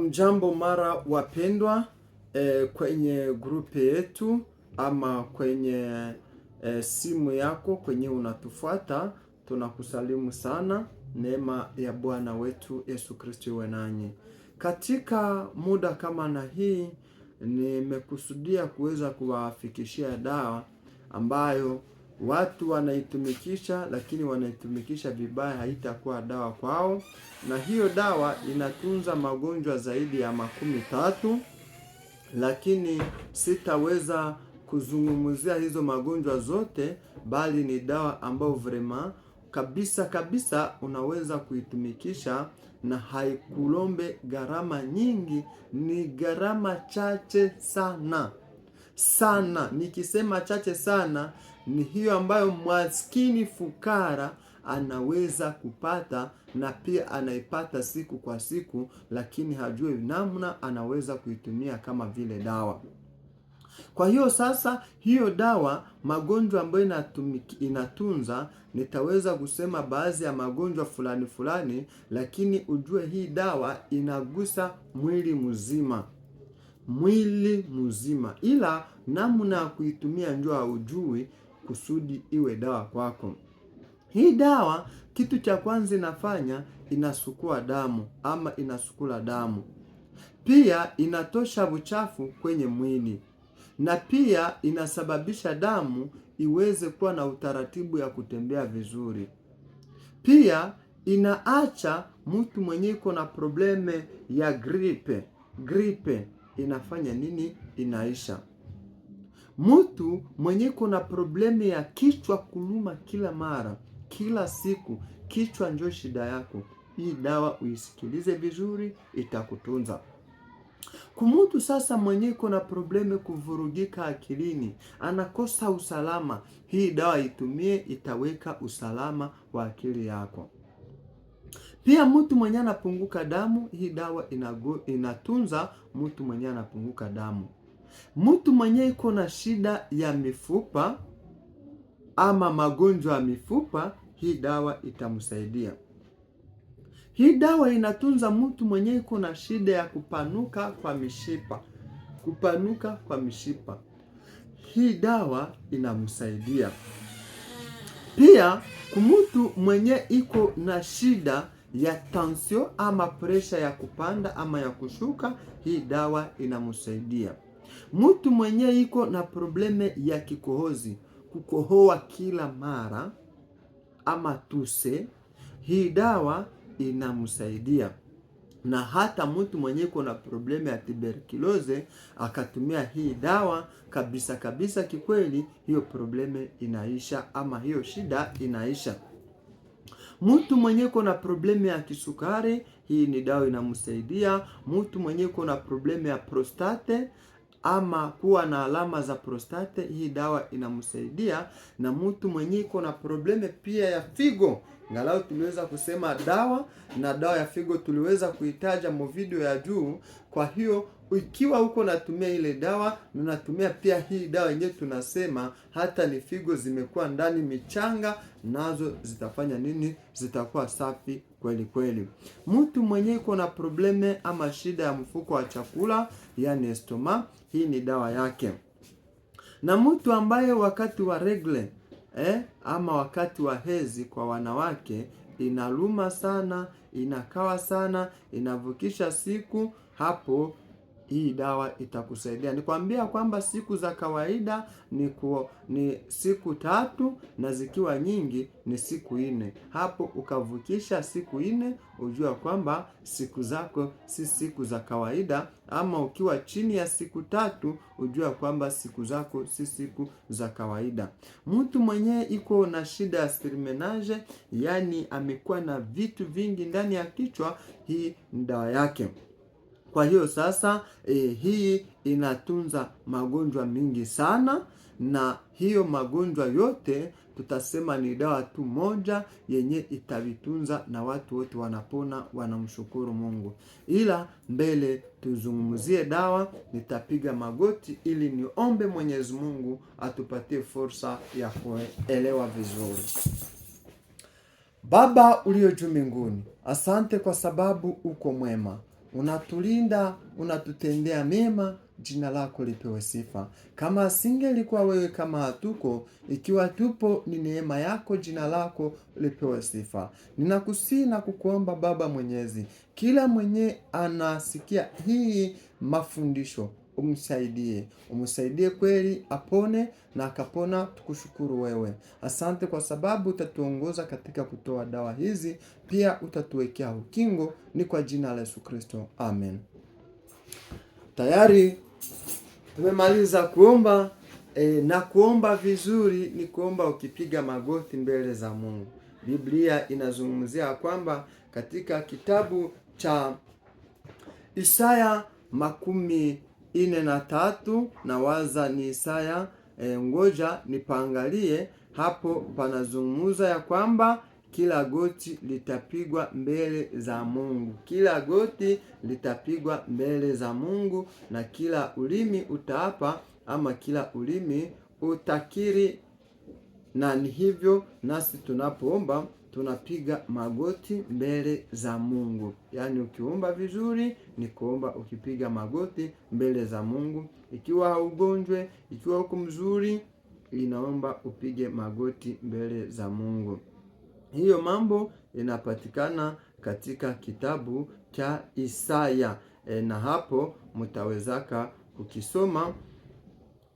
Mjambo mara wapendwa e, kwenye grupe yetu ama kwenye e, simu yako kwenye unatufuata, tunakusalimu sana. Neema ya Bwana wetu Yesu Kristo iwe nanyi. Katika muda kama na hii nimekusudia kuweza kuwafikishia dawa ambayo watu wanaitumikisha, lakini wanaitumikisha vibaya, haitakuwa dawa kwao, na hiyo dawa inatunza magonjwa zaidi ya makumi tatu, lakini sitaweza kuzungumzia hizo magonjwa zote, bali ni dawa ambayo vrema kabisa kabisa unaweza kuitumikisha na haikulombe gharama nyingi, ni gharama chache sana sana. Nikisema chache sana, ni hiyo ambayo maskini fukara anaweza kupata na pia anaipata siku kwa siku, lakini hajui namna anaweza kuitumia kama vile dawa. Kwa hiyo sasa, hiyo dawa magonjwa ambayo inatunza, nitaweza kusema baadhi ya magonjwa fulani fulani, lakini ujue hii dawa inagusa mwili mzima, mwili mzima, ila namna ya kuitumia njua ujui kusudi iwe dawa kwako. Hii dawa kitu cha kwanza inafanya inasukua damu ama inasukula damu, pia inatosha uchafu kwenye mwili na pia inasababisha damu iweze kuwa na utaratibu ya kutembea vizuri. Pia inaacha mtu mwenye iko na probleme ya gripe gripe, inafanya nini? Inaisha. Mtu mwenye kuna problemu ya kichwa kuluma kila mara, kila siku, kichwa njo shida yako, hii dawa uisikilize vizuri, itakutunza. Kumutu sasa mwenye kuna problemu kuvurugika akilini, anakosa usalama, hii dawa itumie, itaweka usalama wa akili yako. Pia mtu mwenye anapunguka damu, hii dawa inago, inatunza mtu mwenye anapunguka damu mtu mwenye iko na shida ya mifupa ama magonjwa ya mifupa, hii dawa itamsaidia. Hii dawa inatunza mtu mwenye iko na shida ya kupanuka kwa mishipa, kupanuka kwa mishipa, hii dawa inamsaidia pia. Kumtu mwenye iko na shida ya tansio ama presha ya kupanda ama ya kushuka, hii dawa inamsaidia. Mtu mwenye iko na probleme ya kikohozi, kukohoa kila mara ama tuse, hii dawa inamsaidia na hata mtu mwenye iko na problemu ya tuberculose akatumia hii dawa kabisa kabisa, kikweli hiyo probleme inaisha, ama hiyo shida inaisha. Mtu mwenye iko na problemu ya kisukari, hii ni dawa inamsaidia. Mtu mwenye iko na problemu ya prostate ama kuwa na alama za prostate, hii dawa inamsaidia. Na mtu mwenye iko na probleme pia ya figo, ngalau tuliweza kusema dawa na dawa ya figo tuliweza kuitaja mu video ya juu. Kwa hiyo ikiwa huko natumia ile dawa na natumia pia hii dawa yenyewe, tunasema hata ni figo zimekuwa ndani michanga, nazo zitafanya nini? Zitakuwa safi kweli kweli. Mtu mwenye iko na probleme ama shida ya mfuko wa chakula, yani estoma, hii ni dawa yake. Na mtu ambaye wakati wa regle eh, ama wakati wa hezi kwa wanawake inaluma sana, inakawa sana, inavukisha siku hapo hii dawa itakusaidia. Nikwambia kwamba siku za kawaida ni, ku, ni siku tatu na zikiwa nyingi ni siku nne. Hapo ukavukisha siku nne, ujua kwamba siku zako si siku za kawaida, ama ukiwa chini ya siku tatu, ujua kwamba siku zako si siku za kawaida. Mtu mwenyewe iko na shida ya sirmenage, yaani amekuwa na vitu vingi ndani ya kichwa, hii ni dawa yake. Kwa hiyo sasa e, hii inatunza magonjwa mingi sana, na hiyo magonjwa yote tutasema ni dawa tu moja yenye itavitunza na watu wote wanapona, wanamshukuru Mungu. Ila mbele tuzungumzie dawa, nitapiga magoti ili niombe Mwenyezi Mungu atupatie fursa ya kuelewa vizuri. Baba uliyo juu mbinguni, asante kwa sababu uko mwema unatulinda, unatutendea mema, jina lako lipewe sifa. Kama asingelikuwa wewe, kama hatuko, ikiwa tupo, ni neema yako, jina lako lipewe sifa. Ninakusii na kukuomba Baba Mwenyezi, kila mwenye anasikia hii mafundisho umsaidie, umsaidie kweli apone na akapona. Tukushukuru wewe, asante kwa sababu utatuongoza katika kutoa dawa hizi, pia utatuwekea ukingo. Ni kwa jina la Yesu Kristo, amen. Tayari tumemaliza kuomba e, na kuomba vizuri ni kuomba ukipiga magoti mbele za Mungu. Biblia inazungumzia kwamba katika kitabu cha Isaya makumi ine na tatu na waza ni Isaya e, ngoja nipangalie hapo. Panazungumza ya kwamba kila goti litapigwa mbele za Mungu, kila goti litapigwa mbele za Mungu, na kila ulimi utaapa ama kila ulimi utakiri, na ni hivyo nasi tunapoomba tunapiga magoti mbele za Mungu. Yaani ukiomba vizuri ni kuomba ukipiga magoti mbele za Mungu. Ikiwa haugonjwe, ikiwa uko mzuri, inaomba upige magoti mbele za Mungu. Hiyo mambo inapatikana katika kitabu cha Isaya e, na hapo mtawezaka kukisoma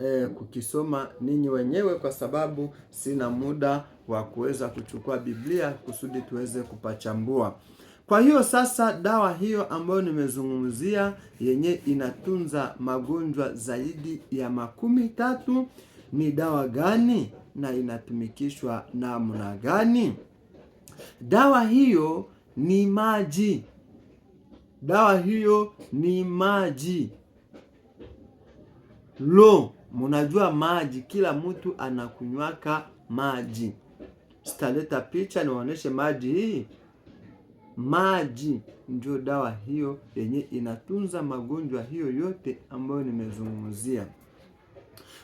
e, kukisoma ninyi wenyewe, kwa sababu sina muda wa kuweza kuchukua Biblia kusudi tuweze kupachambua. Kwa hiyo sasa, dawa hiyo ambayo nimezungumzia yenye inatunza magonjwa zaidi ya makumi tatu ni dawa gani na inatumikishwa namna gani? Dawa hiyo ni maji. Dawa hiyo ni maji lo munajua maji, kila mtu anakunywaka maji. Sitaleta picha niwaoneshe maji hii. Maji ndio dawa hiyo yenye inatunza magonjwa hiyo yote ambayo nimezungumzia.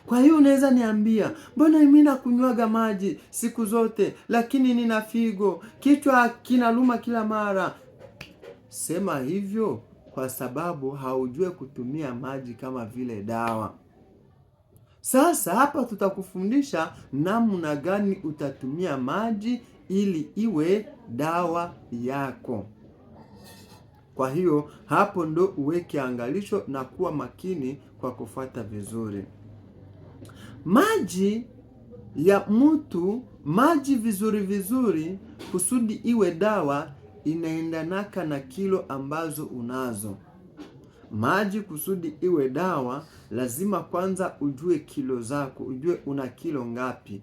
Kwa hiyo unaweza niambia, mbona mimi nakunywaga maji siku zote, lakini nina figo, kichwa kinaluma kila mara? Sema hivyo kwa sababu haujue kutumia maji kama vile dawa. Sasa hapa tutakufundisha namna gani utatumia maji ili iwe dawa yako. Kwa hiyo hapo ndo uweke angalisho na kuwa makini kwa kufata vizuri. Maji ya mtu, maji vizuri vizuri, kusudi iwe dawa, inaendanaka na kilo ambazo unazo maji kusudi iwe dawa, lazima kwanza ujue kilo zako, ujue una kilo ngapi,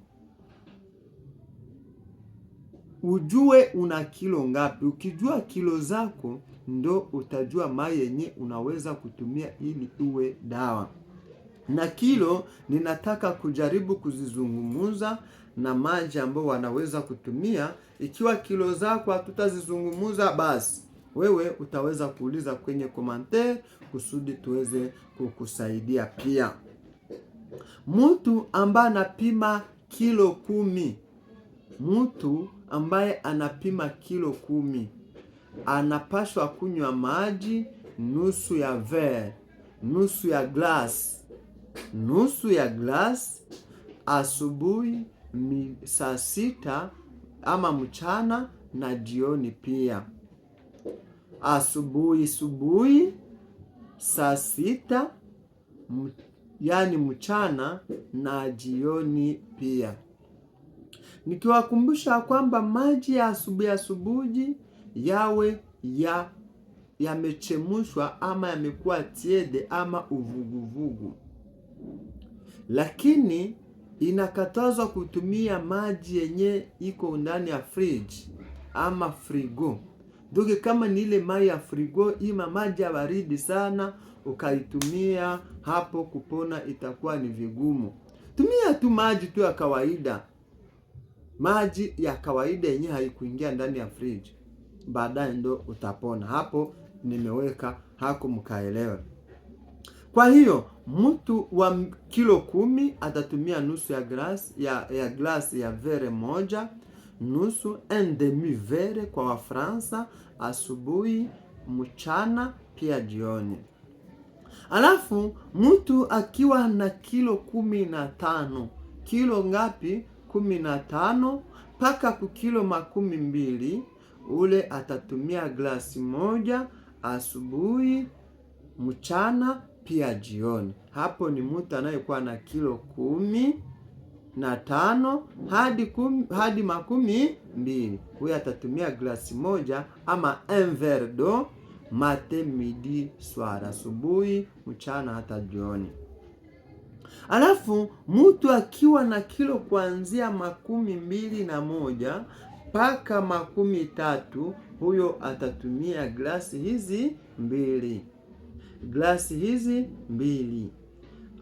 ujue una kilo ngapi. Ukijua kilo zako, ndo utajua mai yenye unaweza kutumia ili iwe dawa. Na kilo ninataka kujaribu kuzizungumuza na maji ambao wanaweza kutumia. Ikiwa kilo zako hatutazizungumuza basi wewe utaweza kuuliza kwenye komante kusudi tuweze kukusaidia pia. Mtu ambaye anapima kilo kumi, mtu ambaye anapima kilo kumi anapashwa kunywa maji nusu ya ver, nusu ya glas nusu ya glas asubuhi, saa sita ama mchana na jioni pia asubuhi subuhi, saa sita, yaani mchana na jioni pia, nikiwakumbusha kwamba maji ya asubuhi asubuhi yawe ya yamechemushwa ama yamekuwa tiede ama uvuguvugu, lakini inakatazwa kutumia maji yenye iko ndani ya fridge ama frigo. Duki kama ni ile mai ya frigo, ima maji ya baridi sana ukaitumia hapo, kupona itakuwa ni vigumu. Tumia tu maji tu ya kawaida, maji ya kawaida yenyewe haikuingia ndani ya fridge, baadaye ndo utapona. Hapo nimeweka hako mkaelewe. Kwa hiyo mtu wa kilo kumi atatumia nusu ya glass ya, ya glasi ya vere moja nusu en demi vere kwa Wafaransa, asubuhi, mchana pia jioni. Alafu mtu akiwa na kilo kumi na tano kilo ngapi? Kumi na tano mpaka kukilo makumi mbili ule atatumia glasi moja asubuhi, mchana pia jioni. Hapo ni mtu anayekuwa na kilo kumi na tano hadi kumi, hadi makumi mbili. Huyo atatumia glasi moja ama enverdo mate, midi, swara, asubuhi, mchana hata jioni. Alafu mtu akiwa na kilo kuanzia makumi mbili na moja mpaka makumi tatu huyo atatumia glasi hizi mbili, glasi hizi mbili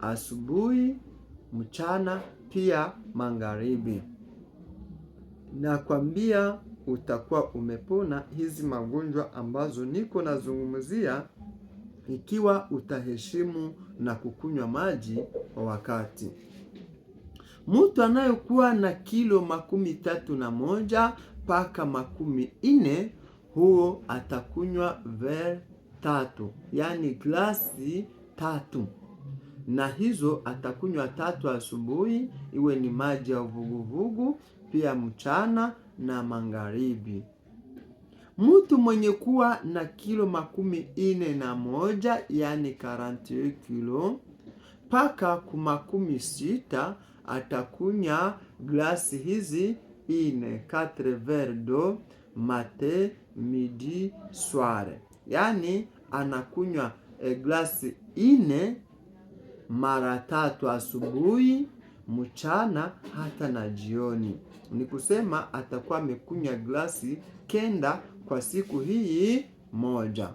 asubuhi, mchana pia magharibi. Nakwambia utakuwa umepona hizi magonjwa ambazo niko nazungumzia, ikiwa utaheshimu na kukunywa maji kwa wakati. Mtu anayekuwa na kilo makumi tatu na moja mpaka makumi nne huo atakunywa ver tatu, yaani glasi tatu na hizo atakunywa tatu asubuhi, iwe ni maji ya uvuguvugu, pia mchana na magharibi. Mtu mwenye kuwa na kilo makumi ine na moja yani 41 kilo mpaka ku makumi sita atakunya glasi hizi ine 4 verre d'eau mate midi soir, yani anakunywa eh, glasi ine mara tatu asubuhi, mchana hata na jioni. Ni kusema atakuwa amekunywa glasi kenda kwa siku hii moja.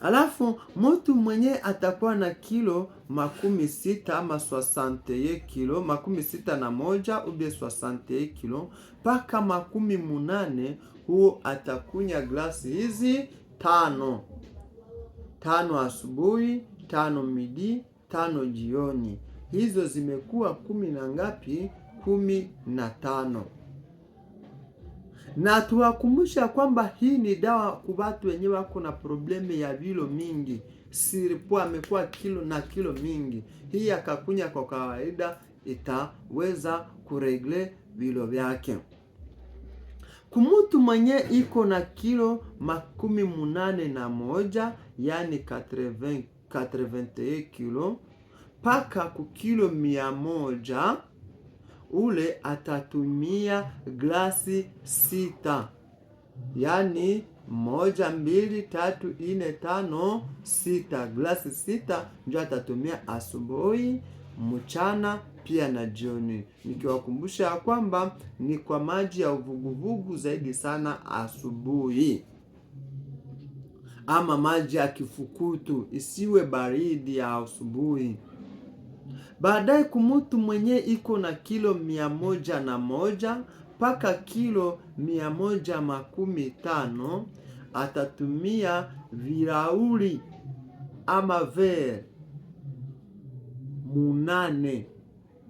Alafu mtu mwenye atakuwa na kilo makumi sita ama swasante kilo makumi sita na moja ubie swasante kilo mpaka makumi munane, huo atakunya glasi hizi tano tano asubuhi tano midi, tano jioni. Hizo zimekuwa kumi na ngapi? Kumi na tano. Na tuwakumbusha kwamba hii ni dawa kubatu wenye wako na problemu ya vilo mingi siripo amekuwa kilo na kilo mingi, hii akakunya kwa kawaida itaweza kuregle vilo vyake. Kumutu mwenye iko na kilo makumi munane na moja yani 81 kilo mpaka ku kilo mia moja ule atatumia glasi sita, yaani moja, mbili, tatu, ine, tano, sita. Glasi sita ndio atatumia asubuhi, mchana pia na jioni, nikiwakumbusha ya kwamba ni kwa maji ya uvuguvugu zaidi sana asubuhi ama maji ya kifukutu, isiwe baridi ya asubuhi. Baadaye kumutu mwenye iko na kilo mia moja na moja mpaka kilo mia moja makumi tano atatumia virauli ama ver munane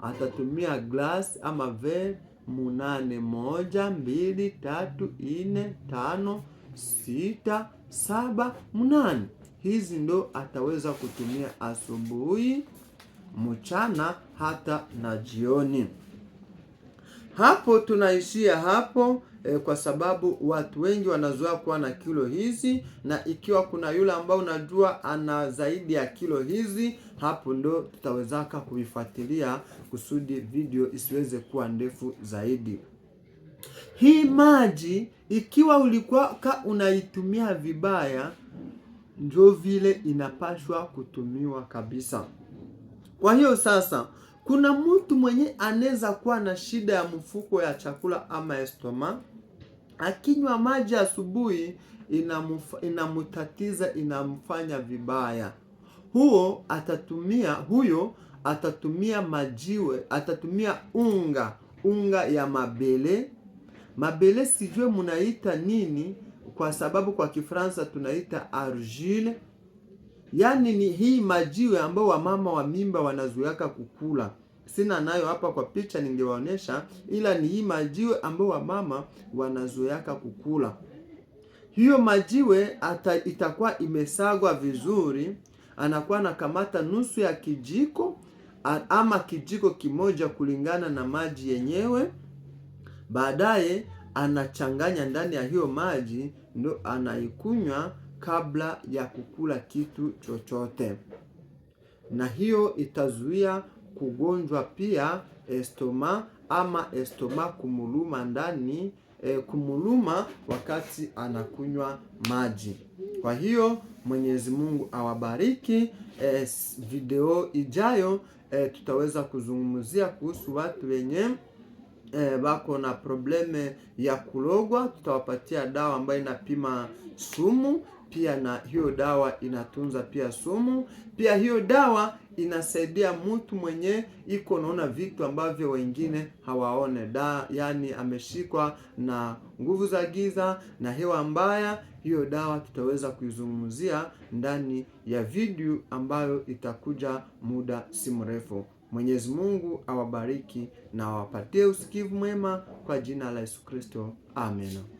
atatumia glasi ama ver munane: moja, mbili, tatu, ine, tano sita, saba, mnane. Hizi ndo ataweza kutumia asubuhi, mchana hata na jioni. Hapo tunaishia hapo e, kwa sababu watu wengi wanazoea kuwa na kilo hizi, na ikiwa kuna yule ambao unajua ana zaidi ya kilo hizi, hapo ndo tutawezaka kuifuatilia kusudi video isiweze kuwa ndefu zaidi. Hii maji ikiwa ulikuwa unaitumia vibaya, ndio vile inapashwa kutumiwa kabisa. Kwa hiyo sasa, kuna mtu mwenye anaweza kuwa na shida ya mfuko ya chakula ama estoma, akinywa maji asubuhi inamuf, inamutatiza inamfanya vibaya. Huo atatumia huyo atatumia majiwe, atatumia unga unga ya mabele Mabele sijue munaita nini, kwa sababu kwa Kifaransa tunaita argile. Yaani ni hii majiwe ambao wamama wa mimba wanazuiaka kukula. Sina nayo hapa kwa picha, ningewaonesha, ila ni hii majiwe ambao wamama wanazuiaka kukula. Hiyo majiwe ata itakuwa imesagwa vizuri, anakuwa anakamata nusu ya kijiko ama kijiko kimoja kulingana na maji yenyewe. Baadaye anachanganya ndani ya hiyo maji, ndio anaikunywa kabla ya kukula kitu chochote, na hiyo itazuia kugonjwa pia estoma ama estoma kumuluma ndani e, kumuluma wakati anakunywa maji. Kwa hiyo Mwenyezi Mungu awabariki. E, video ijayo e, tutaweza kuzungumzia kuhusu watu wenye eh, bako na probleme ya kulogwa, tutawapatia dawa ambayo inapima sumu pia, na hiyo dawa inatunza pia sumu pia. Hiyo dawa inasaidia mtu mwenye iko naona vitu ambavyo wengine hawaone da, yani ameshikwa na nguvu za giza na hewa mbaya. Hiyo dawa tutaweza kuizungumzia ndani ya video ambayo itakuja muda si mrefu. Mwenyezi Mungu awabariki na awapatie usikivu mwema kwa jina la Yesu Kristo, amen